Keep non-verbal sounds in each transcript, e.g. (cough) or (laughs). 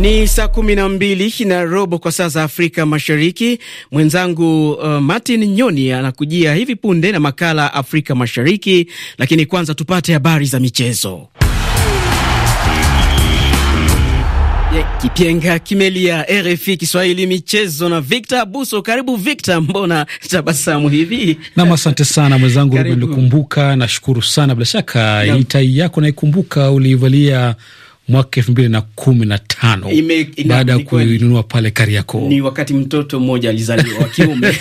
Ni saa kumi na mbili na robo kwa saa za Afrika Mashariki. Mwenzangu uh, Martin Nyoni anakujia hivi punde na makala Afrika Mashariki, lakini kwanza tupate habari za michezo. Kipenga kimelia. RFI Kiswahili michezo na Victor Buso. Karibu Victor, mbona tabasamu hivi? Nam, asante sana mwenzangu Ruben nashukuru sana. Bila shaka itai yako naikumbuka, uliivalia mwaka elfu mbili na kumi na tano baada ya kuinunua pale Kariakoo. Ni wakati mtoto mmoja alizaliwa wa kiume. (laughs)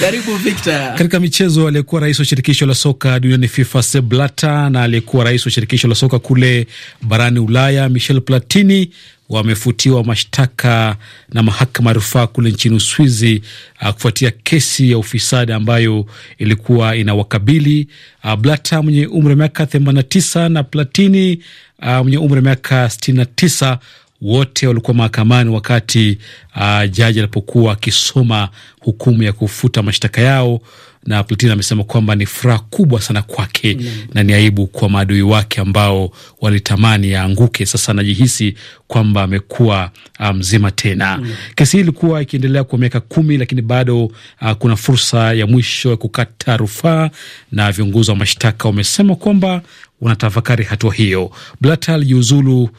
Karibu Victor. Katika michezo, aliyekuwa rais wa shirikisho la soka duniani FIFA Sepp Blatter na aliyekuwa rais wa shirikisho la soka kule barani Ulaya Michel Platini wamefutiwa mashtaka na mahakama ya rufaa kule nchini Uswizi uh, kufuatia kesi ya ufisadi ambayo ilikuwa inawakabili uh, ah, Blata mwenye umri wa miaka 89 na Platini uh, mwenye umri wa miaka 69 wote walikuwa mahakamani wakati uh, jaji alipokuwa akisoma hukumu ya kufuta mashtaka yao na Platini amesema kwamba ni furaha kubwa sana kwake mm, na ni aibu kwa maadui wake ambao walitamani yaanguke. Sasa anajihisi kwamba amekuwa ah, mzima um, tena mm. Kesi hii ilikuwa ikiendelea kwa miaka kumi, lakini bado uh, kuna fursa ya mwisho ya kukata rufaa, na viongozi wa mashtaka wamesema kwamba wanatafakari hatua hiyo. Blatter alijiuzulu uh,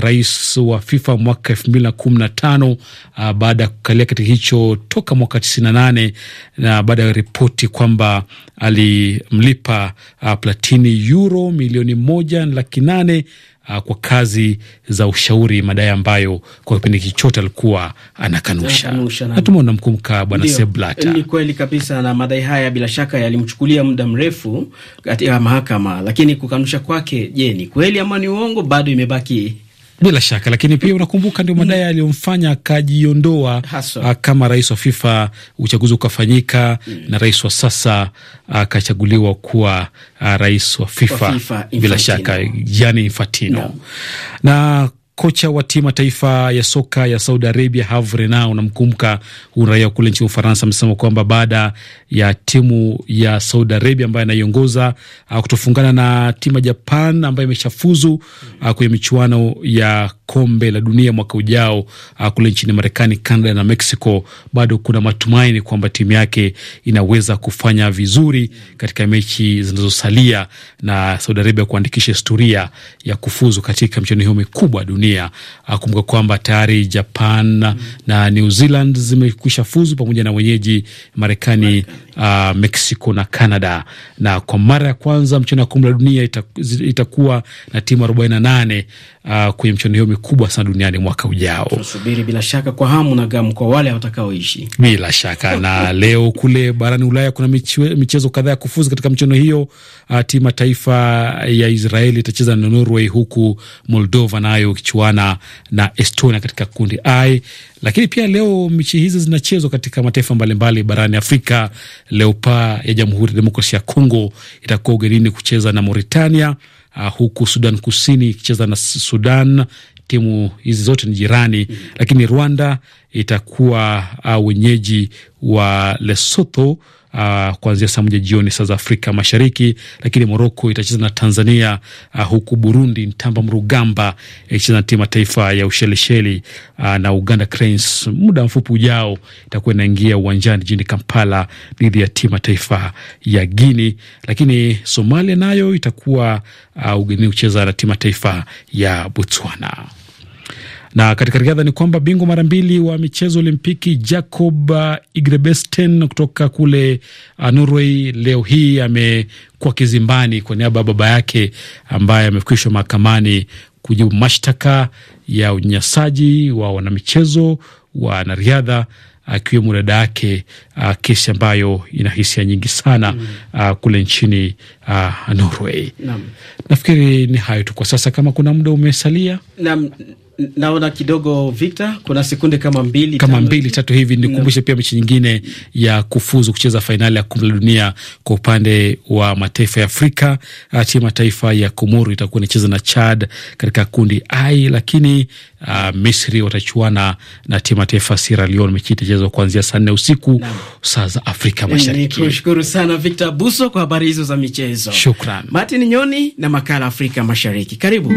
rais wa FIFA mwaka elfu mbili na kumi na tano uh, baada ya kukalia kiti hicho toka mwaka tisini na nane na baada ya ripoti kwamba alimlipa uh, Platini euro milioni moja laki nane uh, kwa kazi za ushauri, madai ambayo kwa kipindi kichote alikuwa anakanusha. Natumai unamkumbuka Bwana Seblata. Ni kweli kabisa, na madai haya bila shaka yalimchukulia muda mrefu katika mahakama, lakini kukanusha kwake, je, ni kweli ama ni uongo, bado imebaki bila shaka, lakini pia unakumbuka ndio madai mm. aliyomfanya akajiondoa ah, kama rais wa FIFA, uchaguzi ukafanyika mm. na rais wa sasa akachaguliwa kuwa ah, rais wa FIFA, FIFA bila shaka yani Infantino no. na Kocha wa timu ya taifa ya soka ya Saudi Arabia Herve Renard, unamkumbuka huu raia kule nchini Ufaransa, amesema kwamba baada ya timu ya Saudi Arabia ambayo anaiongoza ah, kutofungana na timu ya Japan ambayo imeshafuzu ah, kwenye michuano ya kombe la dunia mwaka ujao ah, kule nchini Marekani, Canada na Mexico, bado kuna matumaini kwamba timu yake inaweza kufanya vizuri katika mechi zinazosalia na Saudi Arabia kuandikisha historia ya kufuzu katika michuano hiyo mikubwa dunia dunia. Ah, kumbuka kwamba tayari Japan mm. na New Zealand zimekwisha fuzu pamoja na wenyeji Marekani uh, Mexico na Canada, na kwa mara ya kwanza mchuano wa kombe la dunia itakuwa na timu 48 uh, kwenye mchuano hiyo mikubwa sana duniani mwaka ujao. Tunasubiri bila shaka kwa hamu na gamu kwa wale watakaoishi bila shaka. Na (laughs) leo kule barani Ulaya kuna michezo kadhaa ya kufuzu katika mchuano hiyo. Uh, timu ya taifa ya Israeli itacheza na Norway, huku Moldova nayo ikichuana na Estonia katika kundi I. Lakini pia leo michi hizi zinachezwa katika mataifa mbalimbali barani Afrika. Leopards ya Jamhuri ya Demokrasia ya Kongo itakuwa ugenini kucheza na Mauritania, uh, huku Sudan Kusini ikicheza na Sudan. Timu hizi zote ni jirani mm. Lakini Rwanda itakuwa uh, wenyeji wa Lesotho uh, kuanzia saa moja jioni saa za Afrika Mashariki, lakini Moroko itacheza na Tanzania uh, huku Burundi Ntamba Mrugamba eh, ikicheza na timu taifa ya Ushelisheli uh, na Uganda Cranes muda mfupi ujao itakuwa inaingia uwanjani jijini Kampala dhidi ya timu taifa ya Guini, lakini Somalia nayo itakuwa uh, ugenini kucheza na timu taifa ya Botswana. Na katika riadha ni kwamba bingwa mara mbili wa michezo Olimpiki Jacob uh, Igrebesten kutoka kule uh, Norway leo hii amekuwa kizimbani kwa niaba ya baba yake ambaye amefikishwa mahakamani kujibu mashtaka ya unyanyasaji wa wanamichezo wanariadha akiwemo dada yake, uh, kesi ambayo ina hisia nyingi sana mm. Uh, kule nchini uh, Norway. nafikiri ni hayo tu kwa sasa, kama kuna muda umesalia. Naam naona kidogo Victor, kuna sekunde kama mbili kama mbili tatu hivi. Nikukumbushe pia mechi nyingine ya kufuzu kucheza fainali ya kombe la dunia kwa upande wa mataifa ya Afrika. Ah, timu ya taifa ya Komoro itakuwa inacheza na Chad katika kundi I, lakini uh, Misri watachuana na timu ya taifa Sierra Leone. Mechi itachezwa kuanzia saa nne usiku saa za Afrika Mashariki. Nikushukuru sana Victor Buso kwa habari hizo za michezo. Shukran Martin Nyoni na makala Afrika Mashariki, karibu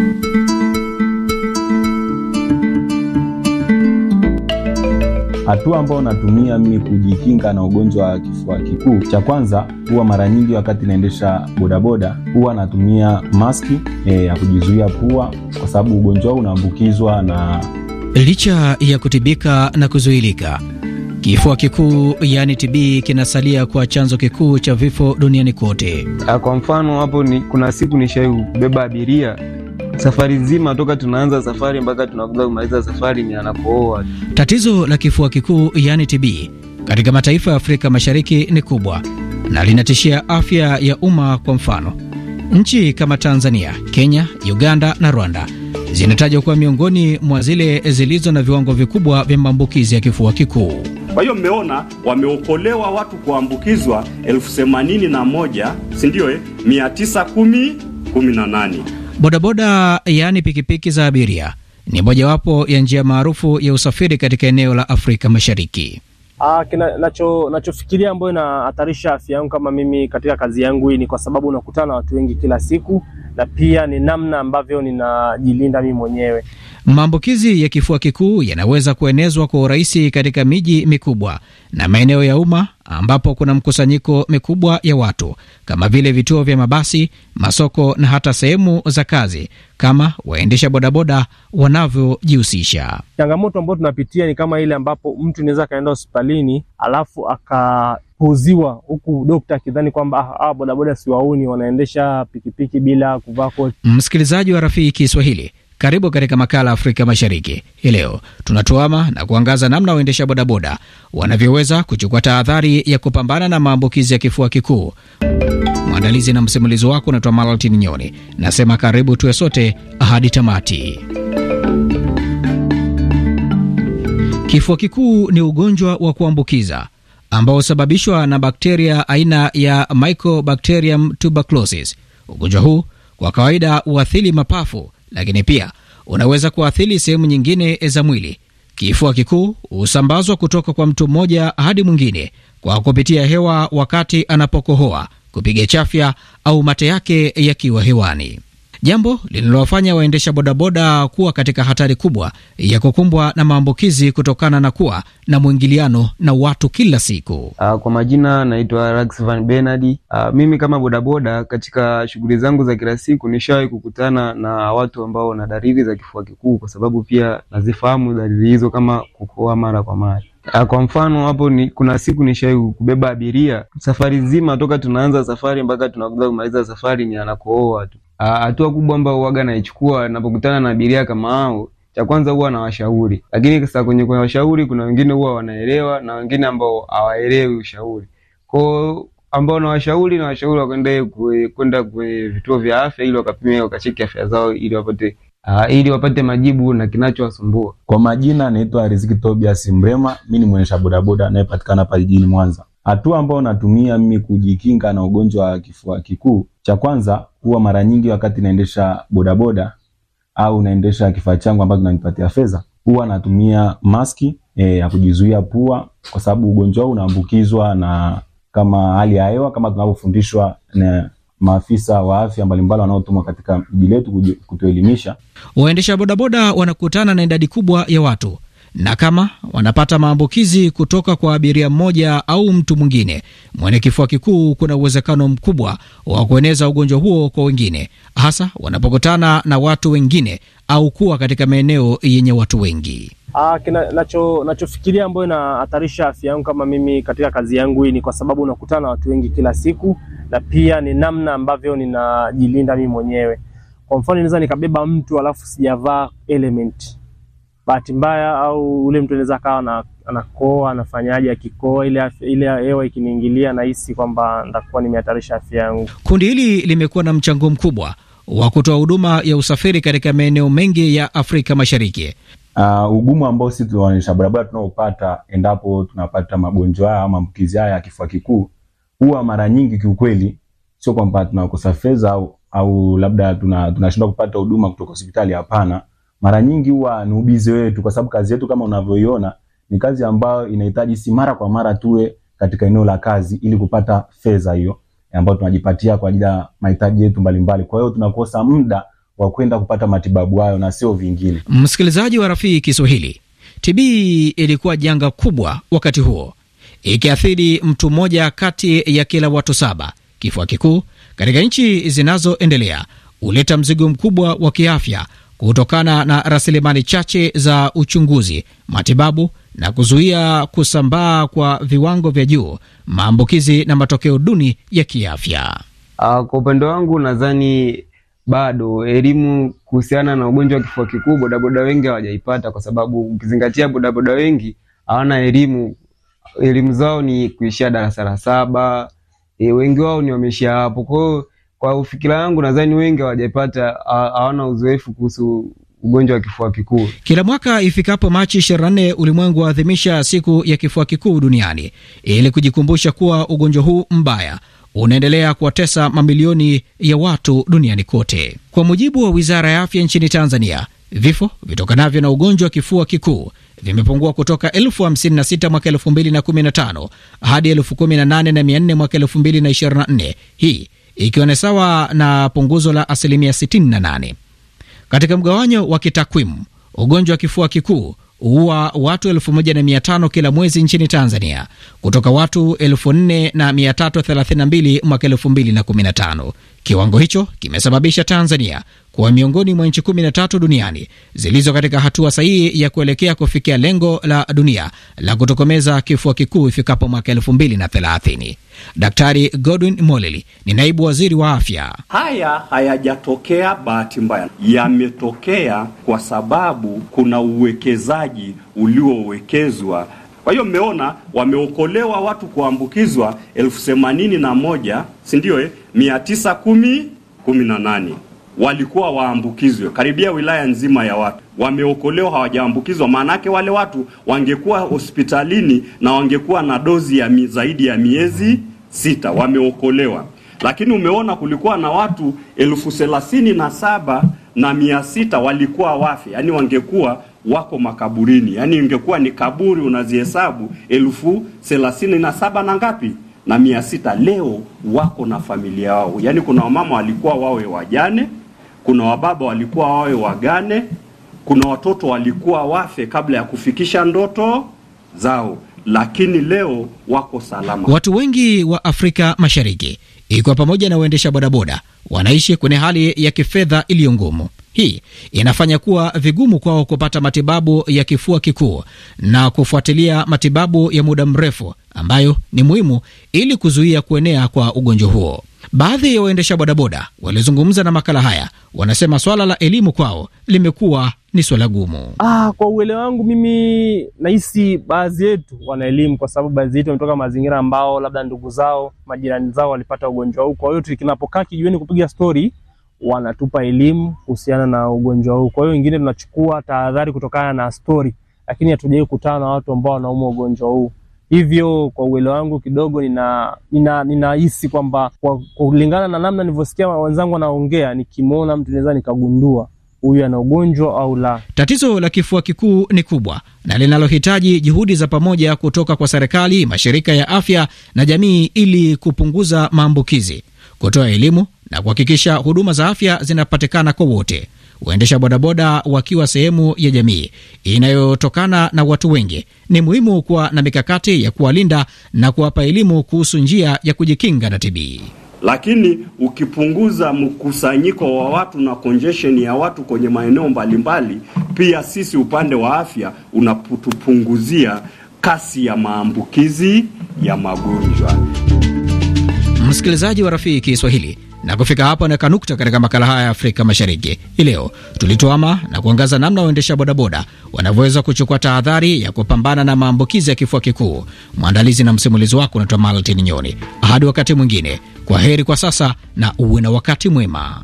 Hatua ambayo natumia mimi kujikinga na ugonjwa wa kifua kikuu, cha kwanza huwa mara nyingi wakati naendesha bodaboda huwa natumia maski e, ya kujizuia pua, kwa sababu ugonjwa huu unaambukizwa na licha ya kutibika na kuzuilika Kifua kikuu yaani TB kinasalia kwa chanzo kikuu cha vifo duniani kote. Kwa mfano hapo ni kuna siku nishai kubeba abiria safari nzima toka tunaanza safari mpaka tunakuja kumaliza safari ni anapooa. Tatizo la kifua kikuu yani TB katika mataifa ya Afrika Mashariki ni kubwa na linatishia afya ya umma. Kwa mfano, nchi kama Tanzania, Kenya, Uganda na Rwanda zinatajwa kuwa miongoni mwa zile zilizo na viwango vikubwa vya maambukizi ya kifua kikuu. Kwa hiyo mmeona wameokolewa watu kuambukizwa elfu themanini na moja si ndio? Eh, mia tisa kumi kumi na nane. Bodaboda yaani pikipiki za abiria ni mojawapo ya njia maarufu ya usafiri katika eneo la Afrika Mashariki. Ah, nacho nachofikiria ambayo inahatarisha afya yangu kama mimi katika kazi yangu hii ni kwa sababu unakutana na watu wengi kila siku, na pia ni namna ambavyo ninajilinda mimi mwenyewe. Maambukizi ya kifua kikuu yanaweza kuenezwa kwa urahisi katika miji mikubwa na maeneo ya umma ambapo kuna mkusanyiko mikubwa ya watu kama vile vituo vya mabasi, masoko na hata sehemu za kazi kama waendesha bodaboda wanavyojihusisha. Changamoto ambayo tunapitia ni kama ile ambapo mtu inaweza akaenda hospitalini alafu akapuuziwa, huku dokta akidhani kwamba ah, bodaboda siwauni, wanaendesha pikipiki bila kuvaa koti. Msikilizaji wa Rafiki Kiswahili, karibu katika makala Afrika Mashariki. Hii leo tunatuama na kuangaza namna waendesha bodaboda wanavyoweza kuchukua tahadhari ya kupambana na maambukizi ya kifua kikuu. Mwandalizi na msimulizi wako unaitwa Malaltin Nyoni, nasema karibu tuwe sote hadi tamati. Kifua kikuu ni ugonjwa wa kuambukiza ambao husababishwa na bakteria aina ya Mycobacterium tuberculosis. Ugonjwa huu kwa kawaida huathiri mapafu lakini pia unaweza kuathiri sehemu nyingine za mwili. Kifua kikuu husambazwa kutoka kwa mtu mmoja hadi mwingine kwa kupitia hewa wakati anapokohoa, kupiga chafya au mate yake yakiwa hewani jambo linalowafanya waendesha bodaboda kuwa katika hatari kubwa ya kukumbwa na maambukizi kutokana na kuwa na mwingiliano na watu kila siku. Uh, kwa majina naitwa Rax Van Benard. Uh, ah, mimi kama bodaboda katika shughuli zangu za kila siku nishawahi kukutana na watu ambao wana dalili za kifua kikuu, kwa sababu pia nazifahamu dalili hizo kama kukoa mara kwa mara. Ah, kwa mfano hapo ni, kuna siku nishai kubeba abiria safari zima, toka tunaanza safari mpaka tunakuja kumaliza safari ni anakooa tu hatua kubwa ambayo waga naichukua napokutana na abiria kama hao, cha kwanza huwa nawashauri, lakini sasa kwenye kuwashauri kuna wengine huwa wanaelewa na wengine ambao hawaelewi ushauri kwao ambao nawashauri nawashauri wakaende kwenda kwenye vituo vya afya ili wakapime wakacheki afya zao ili wapate uh, ili wapate majibu na kinachowasumbua. Kwa majina naitwa Riziki Tobias Mrema, mi ni mwendesha bodaboda anayepatikana hapa jijini Mwanza. Hatua ambayo natumia mimi kujikinga na ugonjwa wa kifua kikuu, cha kwanza huwa mara nyingi wakati naendesha bodaboda au naendesha kifaa changu ambacho kinanipatia fedha, huwa natumia maski e, ya kujizuia pua, kwa sababu ugonjwa huu unaambukizwa na kama hali ya hewa, kama tunavyofundishwa na maafisa wa afya mbalimbali wanaotumwa katika mji letu kutuelimisha. Waendesha bodaboda wanakutana na idadi kubwa ya watu na kama wanapata maambukizi kutoka kwa abiria mmoja au mtu mwingine mwenye kifua kikuu, kuna uwezekano mkubwa wa kueneza ugonjwa huo kwa wengine, hasa wanapokutana na watu wengine au kuwa katika maeneo yenye watu wengi. Ah, nacho nachofikiria ambayo inahatarisha afya yangu kama mimi katika kazi yangu hii ni kwa sababu unakutana na watu wengi kila siku, na pia ni namna ambavyo ninajilinda mimi mwenyewe. Kwa mfano, naweza nikabeba mtu alafu sijavaa element bahati mbaya au ule mtu anaweza akawa anakoa, anafanyaje? Akikoa ile ile hewa ikiniingilia, nahisi kwamba nitakuwa nimehatarisha afya yangu. Kundi hili limekuwa na mchango mkubwa wa kutoa huduma ya usafiri katika maeneo mengi ya Afrika Mashariki. Uh, ugumu ambao sisi tunaonyesha barabara tunaopata endapo tunapata magonjwa haya maambukizi haya ya kifua kikuu, huwa mara nyingi kiukweli, sio kwamba tunakosa fedha au, au labda tunashindwa tuna kupata huduma kutoka hospitali. Hapana, mara nyingi huwa ni ubizi wetu, kwa sababu kazi yetu kama unavyoiona ni kazi ambayo inahitaji si mara kwa mara tuwe katika eneo la kazi ili kupata fedha hiyo ambayo tunajipatia kwa ajili ya mahitaji yetu mbalimbali. Kwa hiyo tunakosa muda wa kwenda kupata matibabu hayo na sio vingine. Msikilizaji wa Rafiki Kiswahili, TB ilikuwa janga kubwa wakati huo, ikiathiri mtu mmoja kati ya kila watu saba. Kifua kikuu katika nchi zinazoendelea huleta mzigo mkubwa wa kiafya kutokana na rasilimali chache za uchunguzi, matibabu na kuzuia kusambaa kwa viwango vya juu, maambukizi na matokeo duni ya kiafya. Uh, kwa upande wangu nadhani bado elimu kuhusiana na ugonjwa wa kifua kikuu bodaboda wengi hawajaipata, kwa sababu ukizingatia bodaboda wengi hawana elimu. Elimu zao ni kuishia darasa la saba, e, wengi wao ni wameishia hapo. Kwa hiyo kwa ufikira wangu nadhani wengi hawajapata, hawana uzoefu kuhusu ugonjwa wa kifua kikuu. Kila mwaka ifikapo Machi 24 ulimwengu waadhimisha siku ya kifua kikuu duniani ili kujikumbusha kuwa ugonjwa huu mbaya unaendelea kuwatesa mamilioni ya watu duniani kote. Kwa mujibu wa wizara ya afya nchini Tanzania, vifo vitokanavyo na ugonjwa wa kifua kikuu vimepungua kutoka elfu mwaka 2015 hadi elfu kumi na mwaka 2024 hii ikiwa ni sawa na punguzo la asilimia 68. Katika mgawanyo wa kitakwimu, ugonjwa wa kifua kikuu huua watu 1500 kila mwezi nchini Tanzania kutoka watu 4332 mwaka 2015. Kiwango hicho kimesababisha Tanzania kuwa miongoni mwa nchi 13 tatu duniani zilizo katika hatua sahihi ya kuelekea kufikia lengo la dunia la kutokomeza kifua kikuu ifikapo mwaka elfu mbili na thelathini. Daktari Godwin Mollel ni naibu waziri wa afya. Haya hayajatokea bahati mbaya, yametokea kwa sababu kuna uwekezaji uliowekezwa kwa hiyo mmeona wameokolewa watu kuambukizwa elfu themanini na moja si ndio? Eh, mia tisa kumi kumi na nane walikuwa waambukizwe, karibia wilaya nzima ya watu wameokolewa, hawajaambukizwa. Maanake wale watu wangekuwa hospitalini na wangekuwa na dozi ya mi, zaidi ya miezi sita, wameokolewa. Lakini umeona kulikuwa na watu elfu thelathini na saba na mia sita walikuwa wafi, yaani wangekuwa wako makaburini, yaani ingekuwa ni kaburi unazihesabu elfu thelathini na saba na ngapi na mia sita leo wako na familia wao. Yaani kuna wamama walikuwa wawe wajane, kuna wababa walikuwa wawe wagane, kuna watoto walikuwa wafe kabla ya kufikisha ndoto zao, lakini leo wako salama. Watu wengi wa Afrika Mashariki ikiwa pamoja na waendesha bodaboda wanaishi kwenye hali ya kifedha iliyo ngumu. Hii inafanya kuwa vigumu kwao kupata matibabu ya kifua kikuu na kufuatilia matibabu ya muda mrefu ambayo ni muhimu ili kuzuia kuenea kwa ugonjwa huo. Baadhi ya waendesha bodaboda waliozungumza na makala haya wanasema swala la elimu kwao limekuwa ni swala gumu. Ah, kwa uelewa wangu mimi nahisi baadhi yetu wana elimu, kwa sababu baadhi yetu wametoka mazingira ambao labda ndugu zao, majirani zao walipata ugonjwa huu. Kwa hiyo tukinapokaa kijiweni kupiga stori wanatupa elimu kuhusiana na ugonjwa huu. Kwa hiyo wengine tunachukua tahadhari kutokana na stori, lakini hatujawahi kutana na watu ambao wanaumwa ugonjwa huu. Hivyo kwa uelewa wangu kidogo, ninahisi nina, nina kwamba kwa kulingana na namna nilivyosikia wenzangu wanaongea, nikimwona mtu naweza nikagundua huyu ana ugonjwa au la. Tatizo la kifua kikuu ni kubwa na linalohitaji juhudi za pamoja kutoka kwa serikali, mashirika ya afya na jamii ili kupunguza maambukizi kutoa elimu na kuhakikisha huduma za afya zinapatikana kwa wote, waendesha bodaboda wakiwa sehemu ya jamii inayotokana na watu wengi. Ni muhimu kuwa na mikakati ya kuwalinda na kuwapa elimu kuhusu njia ya kujikinga na TB. Lakini ukipunguza mkusanyiko wa watu na congestion ya watu kwenye maeneo mbalimbali, pia sisi upande wa afya unatupunguzia kasi ya maambukizi ya magonjwa msikilizaji wa Rafiki Kiswahili, na kufika hapa naweka nukta katika makala haya ya Afrika Mashariki hii leo. Tulituama na kuangaza namna waendesha bodaboda wanavyoweza kuchukua tahadhari ya kupambana na maambukizi ya kifua kikuu. Mwandalizi na msimulizi wako unaitwa Maltin Nyoni. Hadi wakati mwingine, kwa heri kwa sasa na uwe na wakati mwema.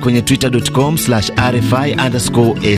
kwenye twitter.com rfi